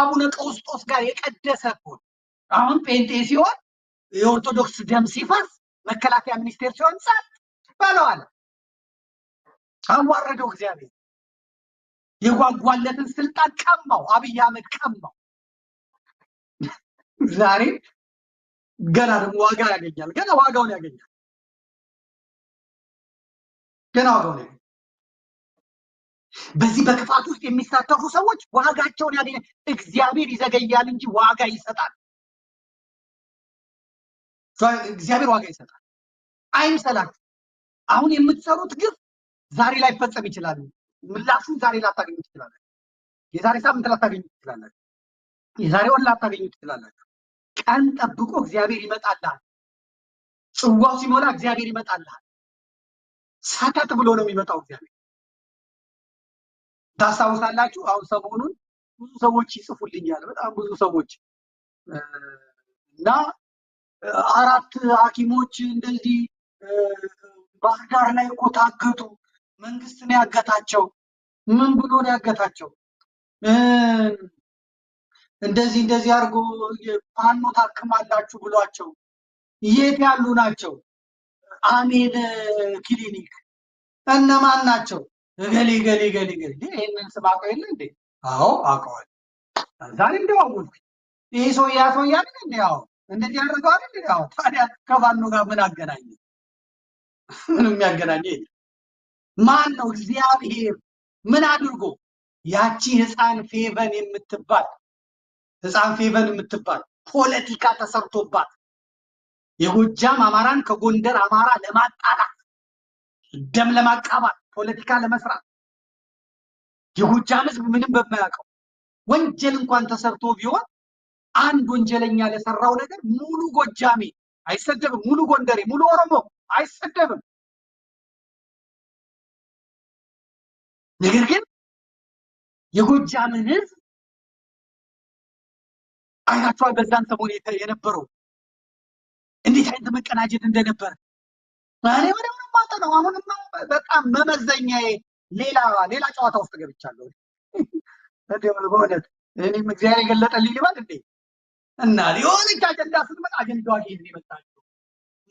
ከአቡነ ቀውስጦስ ጋር የቀደሰ እኮ አሁን ጴንጤ ሲሆን የኦርቶዶክስ ደም ሲፈስ መከላከያ ሚኒስቴር ሲሆን ጸጥ በለዋል። አዋረደው እግዚአብሔር። የጓጓለትን ስልጣን ቀማው፣ አብይ አመድ ቀማው። ዛሬ ገና ደግሞ ዋጋ ያገኛል። ገና ዋጋውን ያገኛል። ገና ዋጋውን ያገኛል። በዚህ በክፋት ውስጥ የሚሳተፉ ሰዎች ዋጋቸውን ያገኘ እግዚአብሔር ይዘገያል እንጂ ዋጋ ይሰጣል። እግዚአብሔር ዋጋ ይሰጣል። አይምሰላችሁ። አሁን የምትሰሩት ግፍ ዛሬ ላይ ፈጸም ይችላል። ምላሹን ዛሬ ላታገኙ ትችላላችሁ። የዛሬ ሳምንት ላታገኙ ትችላላችሁ። የዛሬ ወር ላታገኙ ትችላላችሁ። ቀን ጠብቆ እግዚአብሔር ይመጣልሃል። ጽዋው ሲሞላ እግዚአብሔር ይመጣልሃል። ሰተት ብሎ ነው የሚመጣው እግዚአብሔር ታስታውሳላችሁ። አሁን ሰሞኑን ብዙ ሰዎች ይጽፉልኛል፣ በጣም ብዙ ሰዎች እና አራት ሐኪሞች እንደዚህ ባህር ዳር ላይ እኮ ታገቱ፣ መንግስት ነው ያገታቸው። ምን ብሎ ነው ያገታቸው? እንደዚህ እንደዚህ አድርጎ ፋኖ ታክማላችሁ ብሏቸው። የት ያሉ ናቸው? አሜን ክሊኒክ እነማን ናቸው? እገሌ ገሌ ገሌ ገሌ ይህንን ስም አውቀው የለ እንዴ? አዎ አውቀዋል። ዛሬም ደዋወልኩኝ። ይህ ሰው ያቶ እያለ እንዲ ሁ እንደዚህ ያደርገው አለ እንዲ ሁ ታዲያ ከፋኖ ጋር ምን አገናኘ? ምንም የሚያገናኘ የለ። ማን ነው እግዚአብሔር ምን አድርጎ ያቺ ህፃን ፌቨን የምትባል ህፃን ፌቨን የምትባል ፖለቲካ ተሰርቶባት የጎጃም አማራን ከጎንደር አማራ ለማጣላት ደም ለማቃባት ፖለቲካ ለመስራት የጎጃም ህዝብ ምንም በማያውቀው ወንጀል እንኳን ተሰርቶ ቢሆን አንድ ወንጀለኛ ለሰራው ነገር ሙሉ ጎጃሜ አይሰደብም፣ ሙሉ ጎንደሬ፣ ሙሉ ኦሮሞ አይሰደብም። ነገር ግን የጎጃምን ህዝብ አይናቸዋል። በዛን ሰሞን የነበረው እንዴት አይነት መቀናጀት እንደነበረ እኔ ወደ እያዋጠ ነው። አሁንማ በቃ መመዘኛዬ ሌላ ሌላ ጨዋታ ውስጥ ገብቻለሁ። በእውነት እኔም እግዚአብሔር የገለጠልኝ ልባል እንዴ እና የሆነች አጀንዳ ስትመጣ አጀንዳዋ ይህን ይመጣል።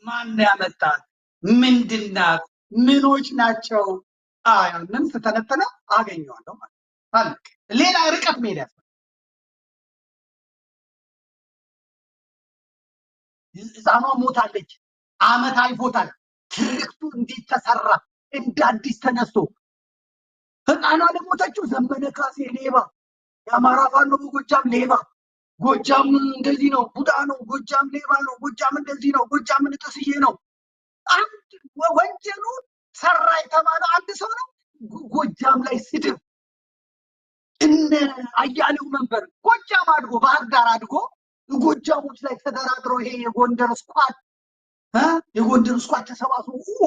ማን ያመጣት? ምንድናት? ምኖች ናቸው? ያንን ስተነተነ አገኘዋለሁ ማለት አለ። ሌላ ርቀት መሄድ ያስ ህፃኗ ሞታለች። አመት አልፎታል። መንግስቱ እንዲተሰራ ተሰራ? እንደ አዲስ ተነስቶ ህፃኗ ለሞተችው ዘመነ ካሴ ሌባ፣ የአማራ ፋኖ በጎጃም ሌባ፣ ጎጃም እንደዚህ ነው፣ ቡዳ ነው፣ ጎጃም ሌባ ነው፣ ጎጃም እንደዚህ ነው፣ ጎጃም ንጥስዬ ነው። አንድ ወንጀሉ ሰራ የተባለ አንድ ሰው ነው። ጎጃም ላይ ስድብ እነ አያሌው መንበር ጎጃም አድጎ ባህር ዳር አድጎ ጎጃሞች ላይ ተደራድረው ይሄ የጎንደር ስኳድ የጎንደር ስኳድ ተሰባስቦ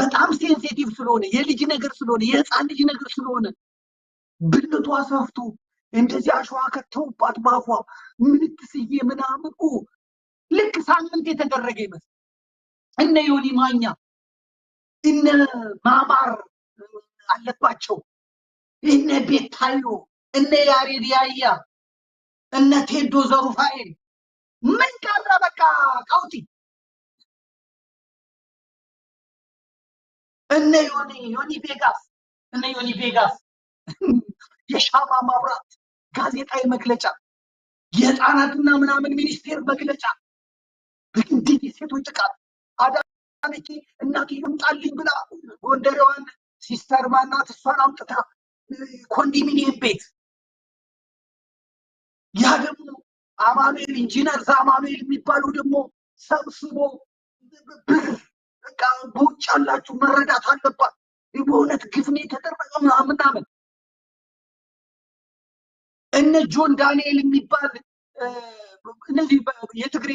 በጣም ሴንሲቲቭ ስለሆነ የልጅ ነገር ስለሆነ የህፃን ልጅ ነገር ስለሆነ ብልቷ ሰፍቶ እንደዚህ አሸዋ ከተውባት ባፏ ምንትስዬ ምናምን ልክ ሳምንት የተደረገ ይመስል እነ ዮኒ ማኛ እነ ማማር አለባቸው ቤታዮ፣ እነ ያሬድ ያያ፣ እነ ቴዶ ዘሩፋኤል ምን ቀረ? በቃ ቀውጢ እነ ዮኒ ዮኒ ቤጋስ እነ ዮኒ ቤጋስ የሻማ ማብራት ጋዜጣዊ መግለጫ የህፃናትና ምናምን ሚኒስቴር መግለጫ እንዲህ የሴቶች ጥቃት አዳነች እናቴ ይምጣልኝ ብላ ጎንደሬዋን ሲስተር ማናት እሷን አምጥታ ኮንዶሚኒየም ቤት ያ ደግሞ አማኑኤል ኢንጂነር ዛማኑኤል የሚባሉ ደግሞ ሰብስቦ ብር በቃ በውጭ አላችሁ መረዳት አለባት። በእውነት ግፍኔ የተደረገ ምናምን እነ ጆን ዳንኤል የሚባል እነዚህ የትግሬ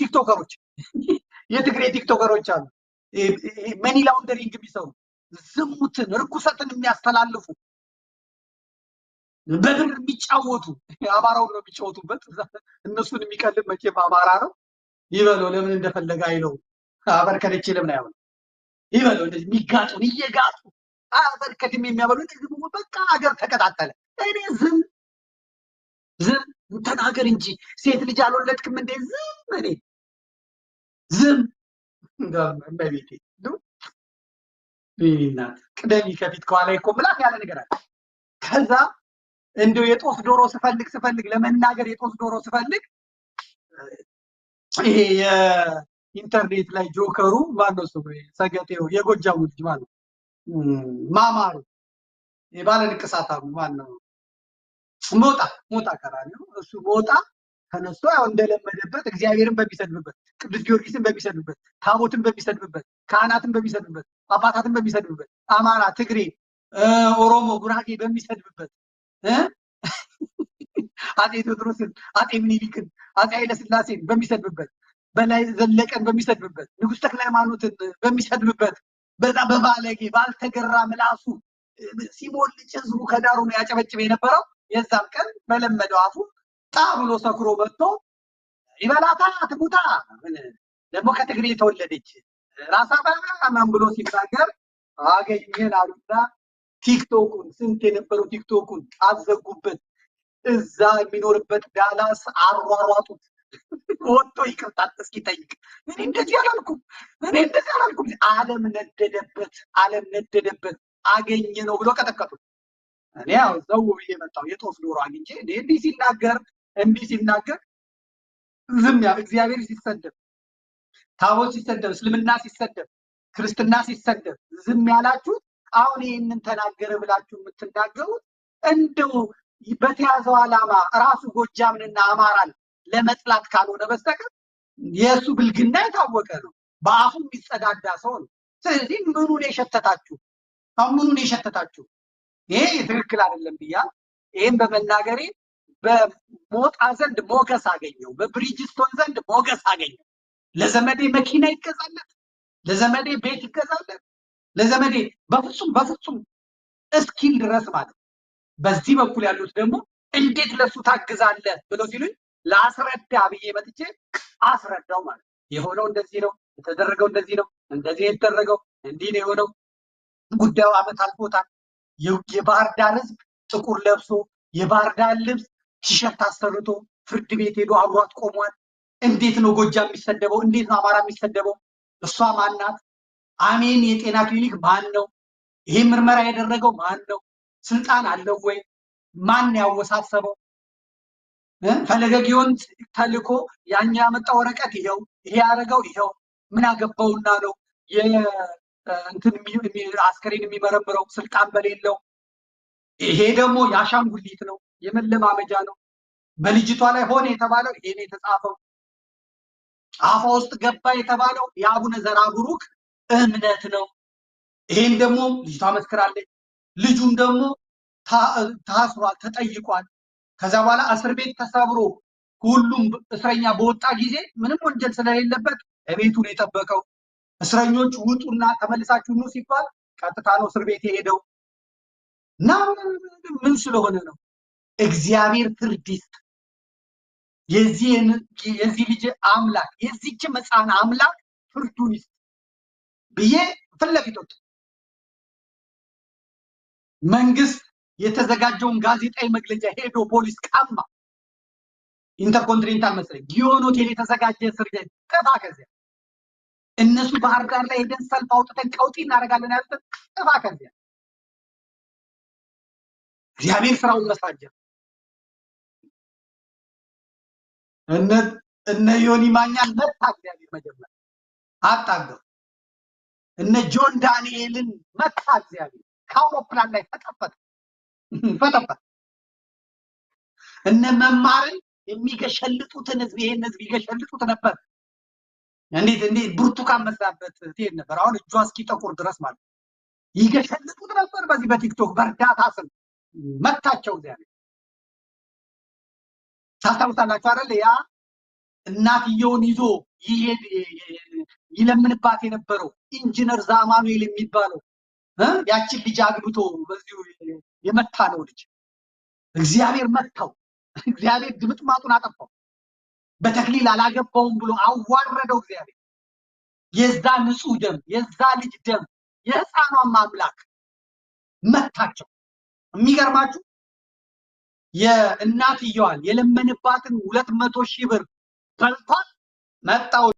ቲክቶከሮች የትግሬ ቲክቶከሮች አሉ። መኒ ላውንደሪንግ የሚሰሩ ዝሙትን፣ ርኩሰትን የሚያስተላልፉ በብር የሚጫወቱ አማራውን ነው የሚጫወቱበት። እነሱን የሚቀልብ መቼም አማራ ነው ይበለው። ለምን እንደፈለገ አይለው። አበርከደቼ ለምን አይሆነ ይበለው። እንደዚህ የሚጋጡን እየጋጡ አበርከድም የሚያበሉ እንደዚህ በቃ ሀገር ተቀጣጠለ። እኔ ዝም ዝም ተናገር እንጂ ሴት ልጅ አልወለድክም እንዴ? ዝም እኔ ዝም እመቤቴ ቅደሚ ከፊት ከኋላ እኮ ምላት ያለ ነገር አለ ከዛ እንዲሁ የጦስ ዶሮ ስፈልግ ስፈልግ ለመናገር የጦስ ዶሮ ስፈልግ ይሄ የኢንተርኔት ላይ ጆከሩ ማነው ስሙ ሰገጤው የጎጃሙ ልጅ ማነው ማማሩ የባለ ንቅሳታሙ ማነው ሞጣ ሞጣ ቀራኒው እሱ ሞጣ ተነስቶ ያው እንደለመደበት እግዚአብሔርን በሚሰድብበት ቅዱስ ጊዮርጊስን በሚሰድብበት ታቦትን በሚሰድብበት ካህናትን በሚሰድብበት አባታትን በሚሰድብበት አማራ፣ ትግሬ፣ ኦሮሞ፣ ጉራጌ በሚሰድብበት አጼ ቴዎድሮስን፣ አጼ ምኒልክን፣ አጼ ኃይለስላሴን በሚሰድብበት በላይ ዘለቀን በሚሰድብበት ንጉሥ ተክለ ሃይማኖትን በሚሰድብበት በዛ በባለጌ ባልተገራ ምላሱ ሲሞልጭ ህዝቡ ከዳሩ ነው ያጨበጭብ የነበረው። የዛም ቀን በለመደው አፉ ጣ ብሎ ሰክሮ መጥቶ ይበላታ ትሙታ ደግሞ ከትግሬ የተወለደች ራሳ በጣም ብሎ ሲናገር አገኘን አሉና ቲክቶኩን ስንት የነበረው ቲክቶኩን አዘጉበት። እዛ የሚኖርበት ዳላስ አሯሯጡት። ወጥቶ ይቅርታ እስኪ ጠይቅ። እኔ እንደዚህ አላልኩም፣ እኔ እንደዚህ አላልኩም። ዓለም ነደደበት፣ ዓለም ነደደበት። አገኘ ነው ብሎ ቀጠቀጡ። እኔ ያው ዘው ብዬ መጣሁ። የጦስ ዶሮ አግኝቼ እኔ እንዲህ ሲናገር እንዲህ ሲናገር ዝም ያ እግዚአብሔር ሲሰደብ፣ ታቦት ሲሰደብ፣ እስልምና ሲሰደብ፣ ክርስትና ሲሰደብ ዝም ያላችሁት አሁን ይህንን ተናገረ ብላችሁ የምትናገሩት እንደው በተያዘው አላማ ራሱ ጎጃምንና አማራን ለመጥላት ካልሆነ በስተቀር የእሱ ብልግና የታወቀ ነው። በአፉ የሚጸዳዳ ሰው ነው። ስለዚህ ምኑን የሸተታችሁ ምኑን የሸተታችሁ ይሄ ትክክል አይደለም ብያ ይህም በመናገሬ በሞጣ ዘንድ ሞገስ አገኘው፣ በብሪጅስቶን ዘንድ ሞገስ አገኘው። ለዘመዴ መኪና ይገዛለት፣ ለዘመዴ ቤት ይገዛለት፣ ለዘመዴ በፍጹም በፍጹም እስኪል ድረስ ማለት በዚህ በኩል ያሉት ደግሞ እንዴት ለሱ ታግዛለህ ብለው ሲሉኝ ለአስረዳ ብዬ መጥቼ አስረዳው ማለት የሆነው እንደዚህ ነው የተደረገው እንደዚህ ነው እንደዚህ የተደረገው እንዲህ ነው የሆነው ጉዳዩ ዓመት አልፎታል። የባህር ዳር ህዝብ ጥቁር ለብሶ የባህር ዳር ልብስ ቲሸርት አሰርቶ ፍርድ ቤት ሄዶ አብሯት ቆሟል። እንዴት ነው ጎጃ የሚሰደበው? እንዴት ነው አማራ የሚሰደበው? እሷ ማናት? አሜን የጤና ክሊኒክ ማን ነው? ይሄ ምርመራ ያደረገው ማን ነው? ስልጣን አለው ወይ? ማን ያወሳሰበው? ፈለገ ጊዮን ተልኮ ያኛ ያመጣው ወረቀት ይኸው፣ ይሄ ያደረገው ይኸው። ምን አገባውና ነው እንትን አስከሬን የሚመረምረው ስልጣን በሌለው? ይሄ ደግሞ የአሻንጉሊት ነው፣ የመለማመጃ ነው። በልጅቷ ላይ ሆነ የተባለው ይሄ ነው የተጻፈው። አፏ ውስጥ ገባ የተባለው የአቡነ ዘራ ቡሩክ እምነት ነው። ይህን ደግሞ ልጅቷ መስክራለች። ልጁም ደግሞ ታስሯል፣ ተጠይቋል። ከዛ በኋላ እስር ቤት ተሰብሮ ሁሉም እስረኛ በወጣ ጊዜ ምንም ወንጀል ስለሌለበት ቤቱን የጠበቀው እስረኞች ውጡና ተመልሳችሁ ኑ ሲባል ቀጥታ ነው እስር ቤት የሄደው እና ምን ስለሆነ ነው? እግዚአብሔር ፍርድ ይስጥ። የዚህ ልጅ አምላክ የዚች ሕፃን አምላክ ፍርዱን ይስጥ። ብዬ ፊት ለፊት ወጡ። መንግስት የተዘጋጀውን ጋዜጣዊ መግለጫ ሄዶ ፖሊስ ቀማ። ኢንተርኮንቲኔንታል መሰለኝ ጊዮን ሆቴል የተዘጋጀ እስር ቤት ጥፋ። ከዚያ እነሱ ባህር ዳር ላይ ሄደን ሰልፍ አውጥተን ቀውጢ እናደርጋለን ያሉት ጥፋ። ከዚያ እግዚአብሔር ስራውን መስራት እነ እነ ዮኒ ማኛን መታ እግዚአብሔር መጀመር አጣገው እነ ጆን ዳንኤልን መታ። እግዚአብሔር ከአውሮፕላን ላይ ፈጠፈጠ ፈጠፈጠ። እነ መማርን የሚገሸልጡትን ህዝብ ይሄን ህዝብ ይገሸልጡት ነበር። እንዴት እንዴት ብርቱካን መስራበት ትሄድ ነበር። አሁን እጇ እስኪ ጠቁር ድረስ ማለት ይገሸልጡት ነበር። በዚህ በቲክቶክ በእርዳታ ስም መታቸው እግዚአብሔር። ታስታውሳላችሁ አይደል? ያ እናትየውን ይዞ ይለምንባት የነበረው ኢንጂነር ዛማኑኤል የሚባለው ያችን ልጅ አግብቶ በዚሁ የመታ ነው ልጅ እግዚአብሔር መታው። እግዚአብሔር ድምጥማጡን አጠፋው። በተክሊል አላገባውም ብሎ አዋረደው እግዚአብሔር። የዛ ንጹህ ደም የዛ ልጅ ደም የህፃኗም አምላክ መታቸው። የሚገርማችሁ የእናትየዋን የለመንባትን ሁለት መቶ ሺህ ብር በልቷል። natal